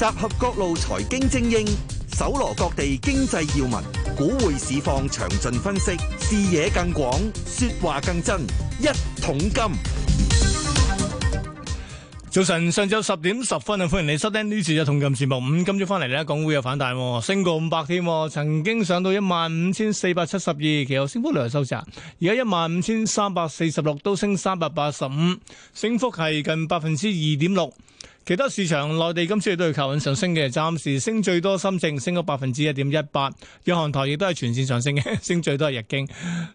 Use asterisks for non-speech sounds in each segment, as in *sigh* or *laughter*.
集合各路財經精英，搜羅各地經濟要聞，股匯市況詳盡分析，視野更廣，說話更真。一桶金，早晨，上晝十點十分啊！歡迎你收聽呢次嘅一桶金節目。五金鐘翻嚟呢，港股有反彈，升過五百添，曾經上到一萬五千四百七十二，其後升幅略為收窄，而家一萬五千三百四十六都升三百八十五，升幅係近百分之二點六。其他市場，內地今次亦都係求穩上升嘅，暫時升最多深證，升咗百分之一點一八。日韓台亦都係全線上升嘅， *laughs* 升最多係日經，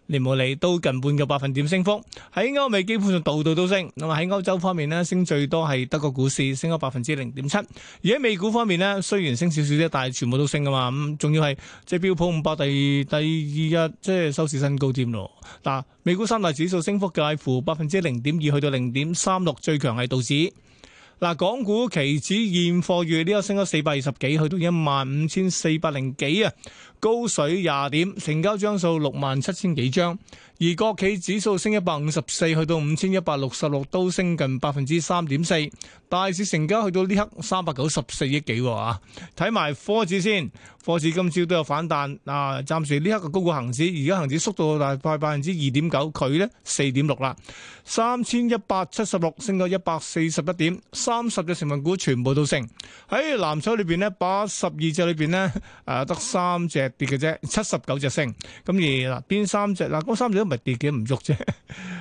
連摩利都近半個百分點升幅。喺歐美基本上度度都升，咁喺歐洲方面呢，升最多係德國股市，升咗百分之零點七。而喺美股方面呢，雖然升少少啫，但係全部都升噶嘛。咁仲要係即係標普五百第2，第二日、啊、即係收市新高添咯。嗱，美股三大指數升幅介乎百分之零點二去到零點三六，最強係道指。嗱，港股期指現貨月呢個升咗四百二十幾，去到一萬五千四百零幾啊！高水廿點，成交張數六萬七千幾張，而國企指數升一百五十四，去到五千一百六十六，都升近百分之三點四。大市成交去到呢刻三百九十四億幾啊！睇埋科指先，科指今朝都有反彈啊！呃，暫時呢刻嘅高股恒指，而家恒指縮到大概百分之二點九，佢呢四點六啦，三千一百七十六升到一百四十一點，三十隻成分股全部都升，喺藍籌裏邊呢，八十二隻裏邊呢誒得三隻。跌嘅啫，七十九隻升，咁而嗱邊三隻，嗱嗰三隻都唔係跌嘅，唔喐啫。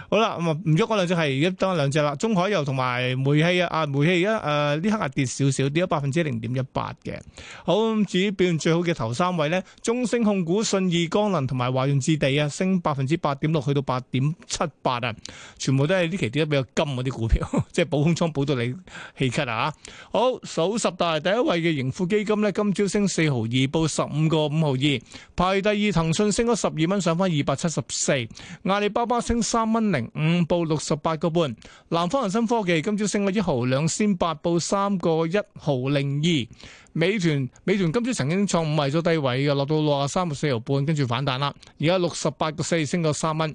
好啦，咁啊唔喐嗰兩隻係而家得兩隻啦，中海油同埋煤氣啊，煤氣啊，煤氣而家誒呢刻啊跌少少，跌咗百分之零點一八嘅。好，至於表現最好嘅頭三位咧，中升控股、信義光能同埋華潤置地啊，升百分之八點六，去到八點七八啊，全部都係呢期跌得比較金嗰啲股票，即係補空倉補到你氣咳啊！好，首十大第一位嘅盈富基金咧，今朝升四毫二報，報十五個五毫。二排第二，騰訊升咗十二蚊，上翻二百七十四；阿里巴巴升三蚊零五，報六十八個半。南方恒生科技今朝升咗一毫兩仙八，報三個一毫零二。美團，美團今朝曾經創五位咗低位嘅，落到六啊三個四毫半，跟住反彈啦。而家六十八個四，升個三蚊。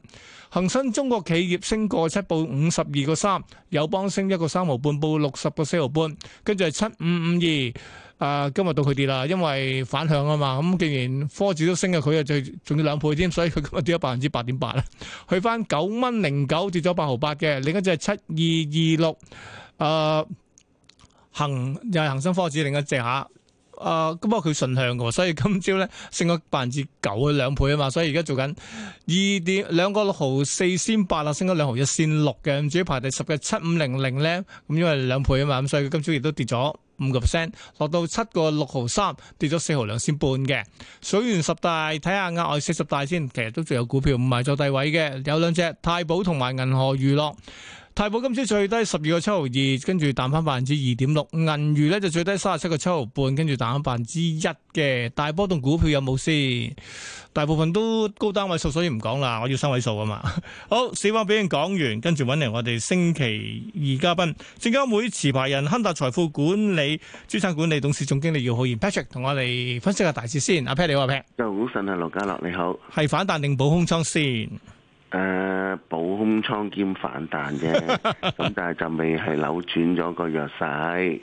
恒生中國企業升個七，報五十二個三。友邦升一個三毫半，報六十個四毫半，跟住係七五五二。啊，今日到佢跌啦，因為反向啊嘛。咁既然科指都升嘅，佢啊就仲要兩倍添，所以佢今日跌咗百分之八點八啦。去翻九蚊零九，跌咗八毫八嘅。另一隻係七二二六，啊。恒又係恒生科指，另外借下，啊，咁不過佢順向嘅，所以今朝咧升咗百分之九嘅兩倍啊嘛，所以而家做緊二點兩個六毫四先八啦，升咗兩毫一先六嘅，至於排第十嘅七五零零咧，咁因為兩倍啊嘛，咁所以佢今朝亦都跌咗五個 percent，落到七個六毫三，跌咗四毫兩先半嘅。水源十大睇下額外四十大先，其實都仲有股票唔係做低位嘅，有兩隻太保同埋銀河娛樂。太保今朝最低十二個七毫二，跟住彈翻百分之二點六。銀娛咧就最低三十七個七毫半，跟住彈翻百分之一嘅。大波動股票有冇先？大部分都高單位數，所以唔講啦。我要三位數啊嘛。好，小話俾人講完，跟住揾嚟我哋星期二嘉賓，證監會持牌人亨達財富管理資產管理董事總經理姚浩然。Patrick 同我哋分析下大事先。阿 Patrick 話，你好，晨啊，羅家樂你好。係反彈定補空倉先？誒、呃，補空倉兼反彈嘅，咁 *laughs* 但係就未係扭轉咗個弱勢，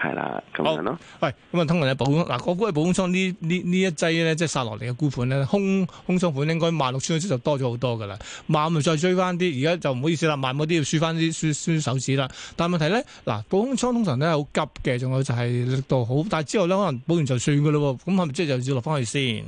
係啦，咁樣咯。喂，咁、嗯、啊，通常咧補空嗱、啊，我估係補空倉呢、就是、呢呢一劑咧，即係殺落嚟嘅估盤咧，空空倉盤應該萬六千點就多咗好多噶啦，賣咪再追翻啲，而家就唔好意思啦，賣冇啲要輸翻啲輸輸手指啦。但係問題咧，嗱、啊，補空倉通常咧好急嘅，仲有就係力度好，但係之後咧可能補完就算噶啦，咁係咪即係就是要落翻去先？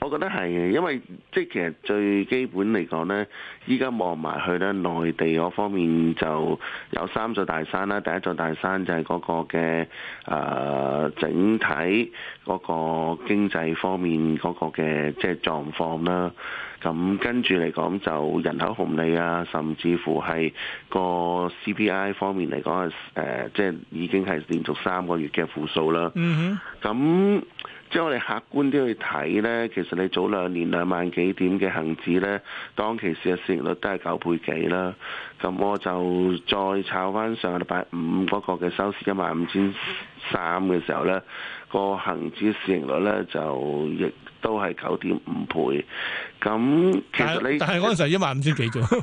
我覺得係，因為即係其實最基本嚟講呢，依家望埋去咧，內地嗰方面就有三座大山啦。第一座大山就係嗰個嘅誒、呃、整體嗰個經濟方面嗰個嘅即係狀況啦。咁跟住嚟講就人口紅利啊，甚至乎係個 CPI 方面嚟講啊，誒、呃，即係已經係連續三個月嘅負數啦。咁、mm hmm. 嗯、即係我哋客觀啲去睇呢，其實你早兩年兩萬幾點嘅恆指呢，當其時嘅市盈率都係九倍幾啦。咁、嗯、我就再炒翻上個禮拜五嗰個嘅收市一萬五千三嘅時候咧，個恆指市盈率咧就亦都係九點五倍。咁、嗯、 *laughs* 其實你，但係嗰陣一萬五千幾啫。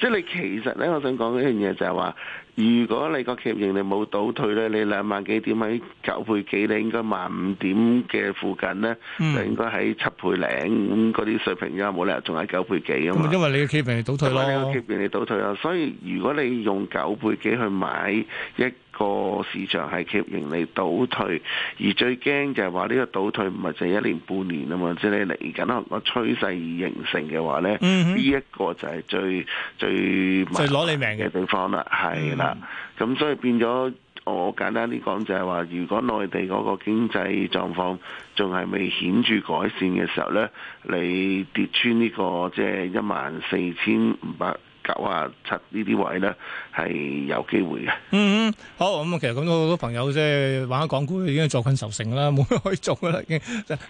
即係你其實咧，我想講一樣嘢就係話，如果你個企業盈利冇倒退咧，你兩萬幾點喺九倍幾你應該萬五點嘅附近咧，就應該喺七倍零咁嗰啲水平，因為冇理由仲喺九倍幾啊、嗯、嘛。因為你嘅企業盈利倒退啦，你嘅企業盈利倒退啦，所以如果你用九倍幾去買，一。個市場係企業盈利倒退，而最驚就係話呢個倒退唔係就一年半年啊嘛，即係你嚟緊個趨勢而形成嘅話呢，呢一、嗯、哼個就係最最最攞你命嘅地方啦，係啦的。咁的所以變咗我簡單啲講就係、是、話，如果內地嗰個經濟狀況仲係未顯著改善嘅時候呢，你跌穿呢、這個即係一萬四千五百。九啊七呢啲位咧，係有機會嘅。嗯嗯，好咁啊！其實咁多好多朋友即係玩港股已經係坐困愁城啦，冇乜可以做噶啦，已經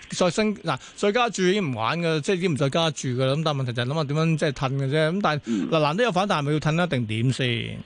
再升嗱再加注已經唔玩噶，即係已經唔再加注噶啦。咁但係問題就係諗下點樣即係褪嘅啫。咁但係嗱，難得有反彈，咪要褪一定點先？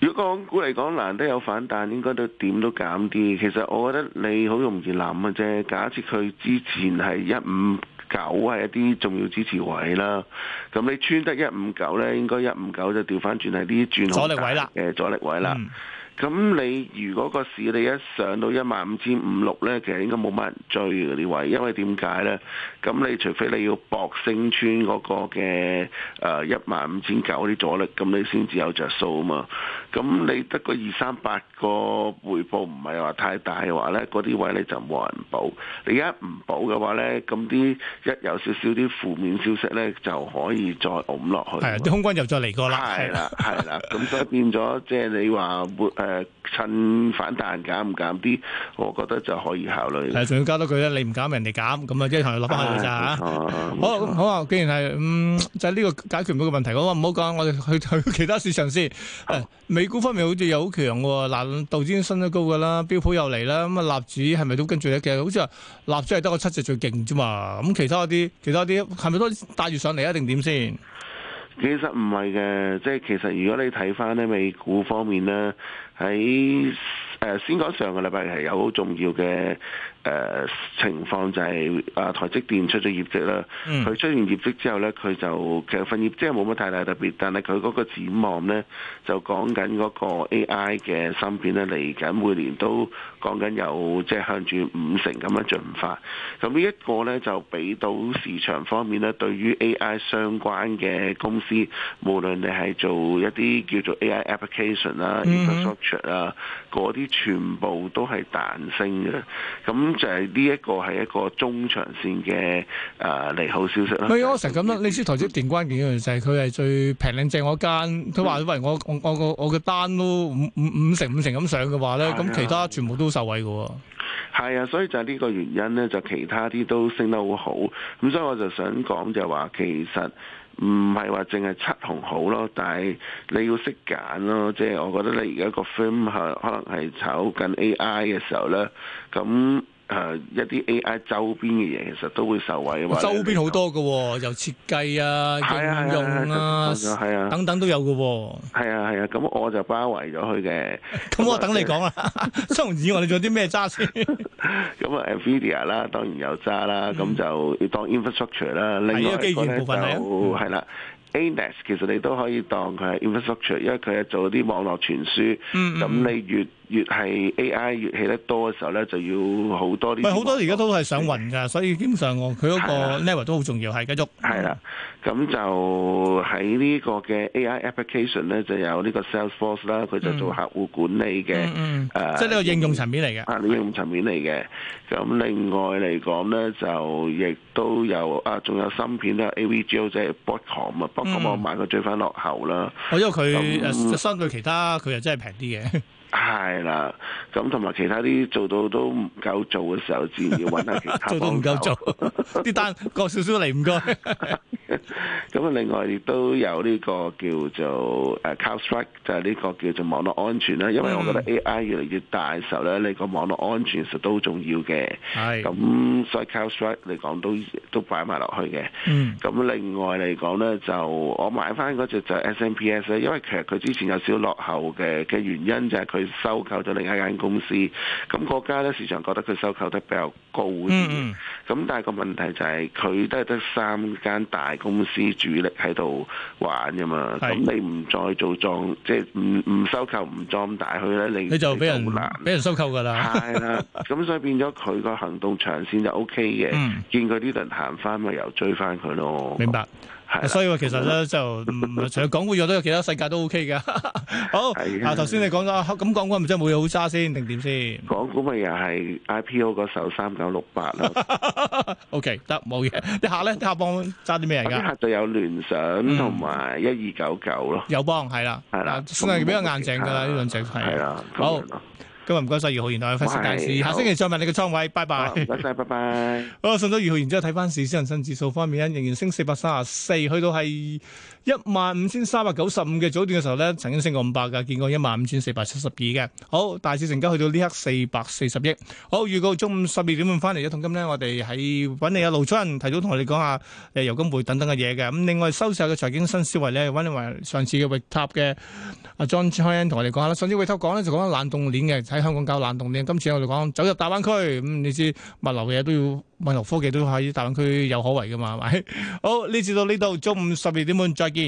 如果港股嚟講，難得有反彈，應該都點都減啲。其實我覺得你好容易諗嘅啫。假設佢之前係一五九係一啲重要支持位啦，咁你穿得一五九咧，應該一五九就調翻轉係啲轉向嘅阻力位啦。嗯咁你如果個市你一上到一萬五千五六咧，其實應該冇乜人追嗰啲位，因為點解咧？咁你除非你要博勝穿嗰個嘅誒，一萬五千九啲阻力，咁你先至有着數啊嘛。咁你得個二三八個回報唔係話太大嘅話咧，嗰啲位咧就冇人補。你一唔補嘅話咧，咁啲一有少少啲負面消息咧，就可以再㧬落去。係啊，空軍又再嚟過啦。係啦，係啦，咁所以變咗即係你話誒、呃，趁反彈減唔減啲？我覺得就可以考慮。係，仲要加多句咧，你唔減人哋減，咁啊，即係同佢落翻去咋好啊錯，好啊，既然係、嗯，就係、是、呢個解決唔到個問題。我話唔好講，我哋去睇其他市場先。好美股方面好似又好強喎。嗱，道指升得高㗎啦，標普又嚟啦，咁啊，納指係咪都跟住咧？嘅？好似話納指係得個七隻最勁啫嘛。咁其他啲，其他啲係咪都帶住上嚟一定點先？其，是是其實唔係嘅，即係其實如果你睇翻呢美股方面呢。喺誒，先講上個禮拜，係有好重要嘅。誒情況就係啊，台積電出咗業績啦，佢、mm. 出完業績之後呢，佢就其實份業績冇乜太大特別，但係佢嗰個展望呢，就講緊嗰個 AI 嘅芯片呢嚟緊，每年都講緊有，即係向住五成咁樣進發。咁呢一個呢，就俾到市場方面呢，對於 AI 相關嘅公司，無論你係做一啲叫做 AI application 啦、mm.，infrastructure 啊，嗰啲全部都係彈升嘅。咁就係呢一個係一個中長線嘅誒利好消息啦。係啊，我成日咁啦。你知，頭先電關鍵一樣就係佢係最平靚正嗰間。佢話：喂，我我我個我嘅單都五五五成五成咁上嘅話咧，咁、嗯、其他全部都受惠嘅。係、嗯、啊，所以就係呢個原因咧，就其他啲都升得好好。咁所以我就想講就係話，其實唔係話淨係七紅好咯，但係你要識揀咯。即、就、係、是、我覺得你而家個 frame 係可能係炒緊 AI 嘅時候咧，咁。誒一啲 AI 周邊嘅嘢其實都會受惠啊嘛，周邊好多嘅，又設計啊，應用啊，係啊，等等都有嘅喎。係啊係啊，咁我就包圍咗佢嘅。咁我等你講啦，張子，我哋仲有啲咩揸先？咁啊，Nvidia 啦，當然有揸啦，咁就要當 infrastructure 啦。另外一個分。就係啦。ANET 其實你都可以當佢係 infrastructure，因為佢係做啲網絡傳輸。咁你越越係 AI 越起得多嘅時候咧，就要好多啲。咪好多而家都係上雲㗎，所以基本上佢嗰個 network 都好重要，係繼續。係啦，咁就喺呢個嘅 AI application 咧，就有呢個 Salesforce 啦，佢就做客戶管理嘅。嗯嗯。誒。即係呢個應用層面嚟嘅。啊，應用層面嚟嘅。咁另外嚟講咧，就亦都有啊，仲有芯片都有 AVGO 即係 Broadcom 啊，Broad。咁、嗯、我買個追翻落後啦。我因為佢誒、嗯、相對其他佢又真係平啲嘅。 *laughs* 係啦，咁同埋其他啲做到都唔夠做嘅時候，自然要搵下其他幫手 *laughs* 做到唔夠做，啲單過少少嚟唔該，咁啊，另外亦都有呢個叫做誒、uh, cloud strike，就係呢個叫做網絡安全啦。因為我覺得 AI 越嚟越大嘅時候咧，你個網絡安全實都好重要嘅。係咁 so cloud strike 嚟講都都擺埋落去嘅。嗯。咁另外嚟講咧，就我買翻嗰隻就 S N P S 咧，因為其實佢之前有少落後嘅嘅原因就係。佢。佢收購咗另一間公司，咁國家咧，市場覺得佢收購得比較高啲，咁、嗯嗯、但係個問題就係、是、佢都係得三間大公司主力喺度玩㗎嘛，咁是你唔再做莊，即係唔唔收購唔壯大佢咧，你你就俾人俾人收購㗎啦，係 *laughs* 啦，咁所以變咗佢個行動長線就 OK 嘅，嗯、見佢呢輪行翻咪又追翻佢咯，明白。所以話其實咧就除咗港股外，都有其他世界都 O K 噶。 *music* *music* *laughs* 好，啊頭先你講咗咁港股唔知係冇嘢好揸先定點先？港股咪又係 I P O 嗰首三九六八咯。O K，得冇嘢。一下咧，一下幫揸啲咩人噶？一下就有聯想同埋一二九九咯。友邦係啦，係、嗯、啦，算係、嗯嗯、比較硬淨噶啦呢兩隻，係啦、嗯，好。今日唔該晒，姚浩然啊，分析師，下星期再問你嘅倉位，拜拜。拜拜，拜拜。好，送咗姚浩然之後，睇翻市，恒生指數方面仍然升四百三十四，去到係一萬五千三百九十五嘅早段嘅時候呢，曾經升過五百嘅，見過一萬五千四百七十二嘅。好，大市成交去到呢刻四百四十億。好，預告中午十二點半翻嚟嘅一桶金呢，我哋喺揾你阿、啊、盧楚仁提早同我哋講下誒油金匯等等嘅嘢嘅。咁另外收市嘅財經新思維呢，揾你話上次嘅魏塔嘅阿、啊、John Chan 同我哋講下啦，上次魏塔講咧就講冷凍鏈嘅。香港搞冷凍鏈，今次我哋講走入大灣區，嗯、你知物流嘢都要物流科技都喺大灣區有可為㗎嘛？係咪？好，呢次到呢度，中午十二點半，再見。